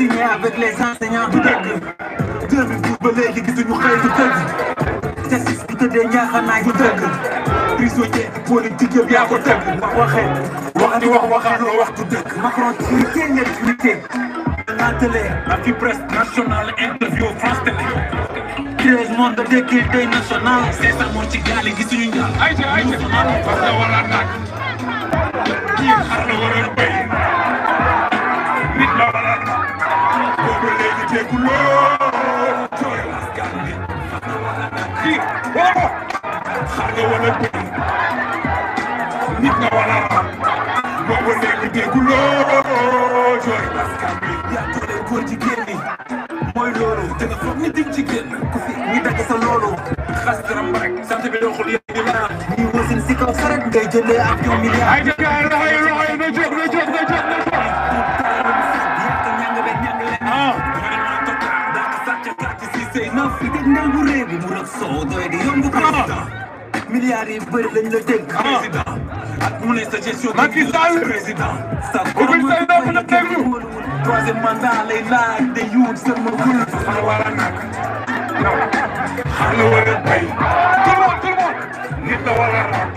signé avec les enseignants du dëkk. 2012 ba léegi gisuñu xëy du tëdd. justice bu tëddee ñaaxanaay du dëkk. prisonnier politique yëpp yaa ko tëgg. wax waxee. wax di wax waxaan loo wax du dëkk. Macron ci kenn ngeen tuité. la télé. la fi presse nationale interview France Télé. 13 mois de déclin day national. c'est ça moo a nag. kii xar nga wala bëy nit nga wala rab boobu nekk dégguloo jooy askan bi yaa doole góor jigéen ñi mooy loolu te nga foog ni dig jigéen ku fi ñu dagg sa loolu xas dara rek sant bi doxul yéen ñi naan ñuy wasin si kaw saret ngay jëndee ak ñoom milliard ay jagaar loxoy loxoy na jóg na jóg na jóg na jóg Seyna fi dégg nga bu réew mi mu rëb soo doy di yomb président milliards yi bëri lañ la dénk. président ah. ak mu ne sa gestion. Macky Sall président. sa góobu sa góobu la déglu. troisième mandat lay laaj de yuut sama gul. xanaa wala nag. non xanaa wala bay. tout le monde tout le monde. nit la wala rak.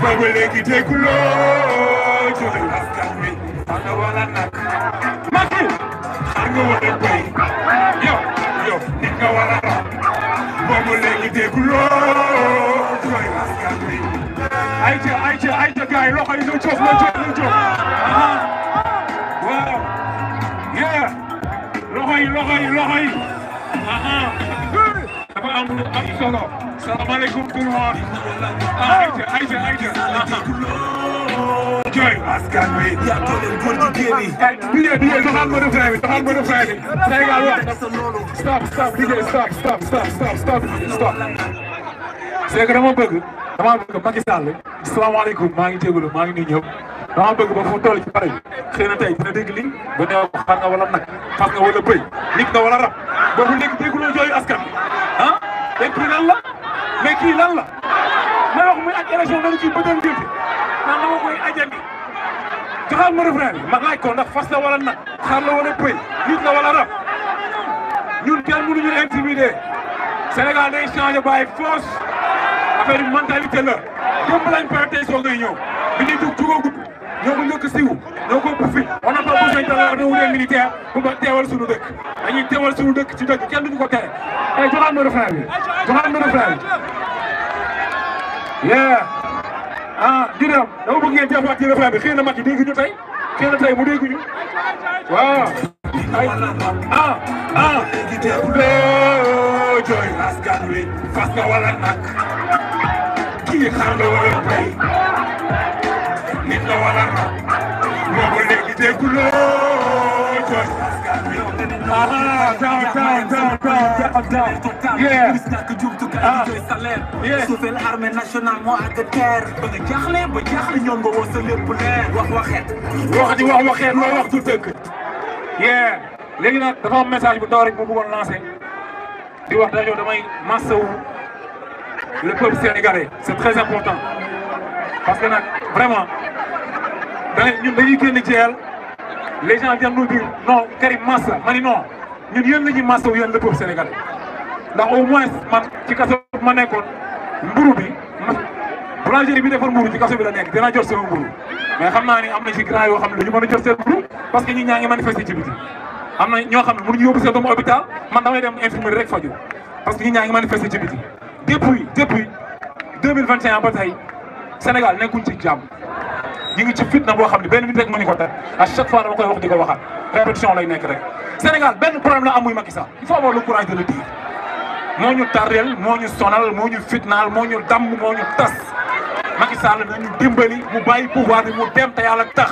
boobu léegi dégguloo joxe askan wi. xanaa wala nag. Macky. xanaa wala bay. yow yow nit nga wala rak. boobu léegi dégguloo. ayca ayca ayca gars yi loxo yi ñu jóg ñu jóg ñu jóg waaw yeah loxo yi loxo yi loxo yi dafa am lu am solo salaamaaleykum tout le monde ayca ah, ayca ayca jooy askan wi yàtto leen góor jigéen yi biyee ah, biyee doxal ma refrain bi doxal ma refrain bi Sénégal wax stop stop DJ stop stop stop stop stop stop c'est que dama bëgg dama bëgg Macky Sall salaamaaleykum maa ngi jégalu maa ngi nuyu ñëpp dama bëgg ba fu toll ci pare bi xëy na tey dina dégg liñ ba neew xar nga wala ah, la mais kii wax muy ak élection nanu ci bëtan diwti naan na ma koy ajandi joxal ma refrain xar la wala bëy nit la wala rab ñun kenn Sénégal day changé bàyyi force affaire bi mentalité la démb lañ pare tey soo ngay ñëw bi ñuy jug jugagut ñoo ko njëkk siw ñoo ko ëpp fit on n'a pas besoin de la réunion militaire pour ba teewal suñu dëkk dañuy teewal suñu dëkk ci dëkk kenn duñu ko tere o eh, joxaat ma refrain a joxaat ma refrain bi yeah ah dina dama bëgg ngeen jàppaat ci refrain bi xëy na Macky dégg ñu tey xëy tey mu dégg ñu waaw ah ah loo jooy kii xar la wala bay nit la wala rab moo ko léegi dégguloo jooy ah down down down down down yeah ah yeah suufeel armée nationale moo àgg teer ba nga jaaxle ba jaaxle ñoom nga woo sa lépp leer wax waxeet wax di wax waxeet loo wax du dëgg yeah léegi nag dafa am message bu ndaw rek bu bëggoon lancé di wax dañoo damay massawu le peuple sénégalais c'est très important parce que nag vraiment dañuy ñun dañuy génn ci yàlla les gens viennent nous dire non Karim massa ma non ñun yéen la ñuy massa wu yéen le peuple sénégalais ndax au moins man ci kaso ma nekkoon mburu bi boulangerie bi defar mburu ci kaso bi la nekk dina jot seen mburu mais xam naa ni am na ci grand yoo xam ne ñu mën a jot seen mburu parce que ñi ñaa ngi manifester ci am na ñoo xam ne mënuñu yóbbu seen doomu hôpital man damay dem infirmerie que ñi ñaa ngi manifester depuis depuis deux mille vingt et un ba tey Sénégal nekkuñ ci jàmm ñu ngi ci fitna boo xam ne benn nit rek mënuñu ko te à chaque fois dama koy wax di ko waxaat répétition lay nekk rek. Sénégal benn problème la am muy Macky Sall il faut avoir le courage de moo ñu tardel moo ñu sonal moo ñu fitnaal moo ñu damm moo ñu tas Macky Sall nañu dimbali mu bàyyi pouvoir bi mu dem te yàlla tax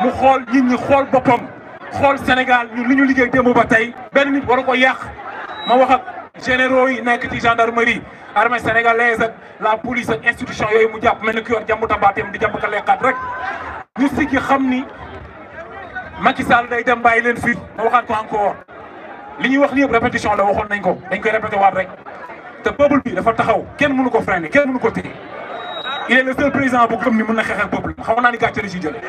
mu xool nit ñi xool boppam xool Sénégal ñu li ñu liggéey démb ba tey benn nit war ko yàq généraux yi nekk ci gendarmerie armée sénégalaise la police ak institution yooyu mu jàpp mel ni ku yor jàmbu tabaateem di jàmb ka lekkaat rek ñu sikki xam ni Macky Sall day dem bàyyi leen fii ma waxaat ko encore li ñu wax li yëpp répétition la waxoon nañ ko dañ koy répété waat rek te peuple bi dafa taxaw kenn mënu ko freiner kenn mënu ko téye il est le seul président bu gëm ni mën na xeex ak peuple xamoon naa ni gàcce la ci jël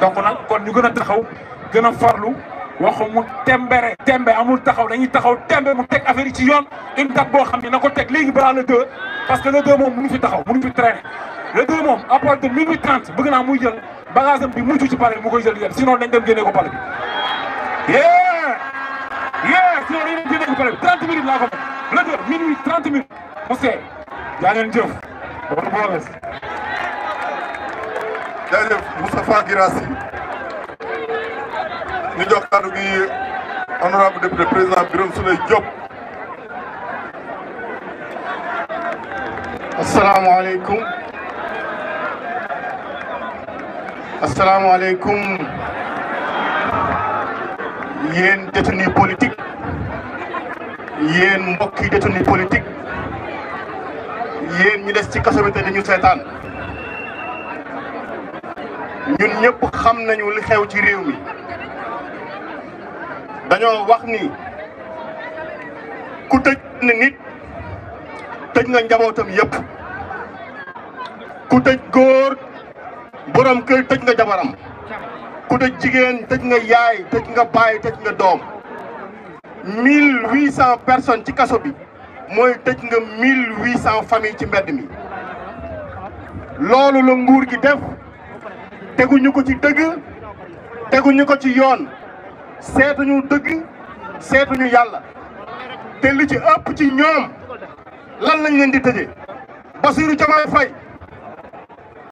donc nag kon ñu gën a taxaw gën a farlu waxu mu tembere tembe amul taxaw dañuy taxaw tembe mu teg affaire ci yoon une date boo xam ne na ko teg léegi balaa le deux parce que le deux moom mënu fi taxaw mënu fi traîner le deux moom à partir de minuit trente bëgg naa muy jël bagage am bi mujj ci mu koy jël yéen sinon dañ dem génne ko pare bi. yee yee sinon dañ dem génne ko pare bi trente minutes laa ko le deux minuit trente minutes mu seey. yaa ngeen jëf. wala boo wees. ñu jox kàddu gi honorable député président Birame Souleye Diop. asalaamaaleykum. asalaamaaleykum yéen détenu politique yéen mbokki détenu politique yéen ñu des ci kaso bi te dañu seetaan ñun ñëpp xam nañu li xew ci réew mi. dañoo wax ni ku tëj na nit tëj nga njabootam yëpp ku tëj góor borom kër tëj nga jabaram ku tëj jigéen tëj nga yaay tëj nga baay tëj nga doom mille huit cent personnes ci kaso bi mooy tëj nga mille huit cent famille ci mbedd mi loolu la nguur gi def teguñu ko ci dëgg teguñu ko ci yoon seetuñu dëgg seetuñu yàlla te li ci ëpp ci ñoom lan lañ leen di tëjee Bassirou Diomaye Faye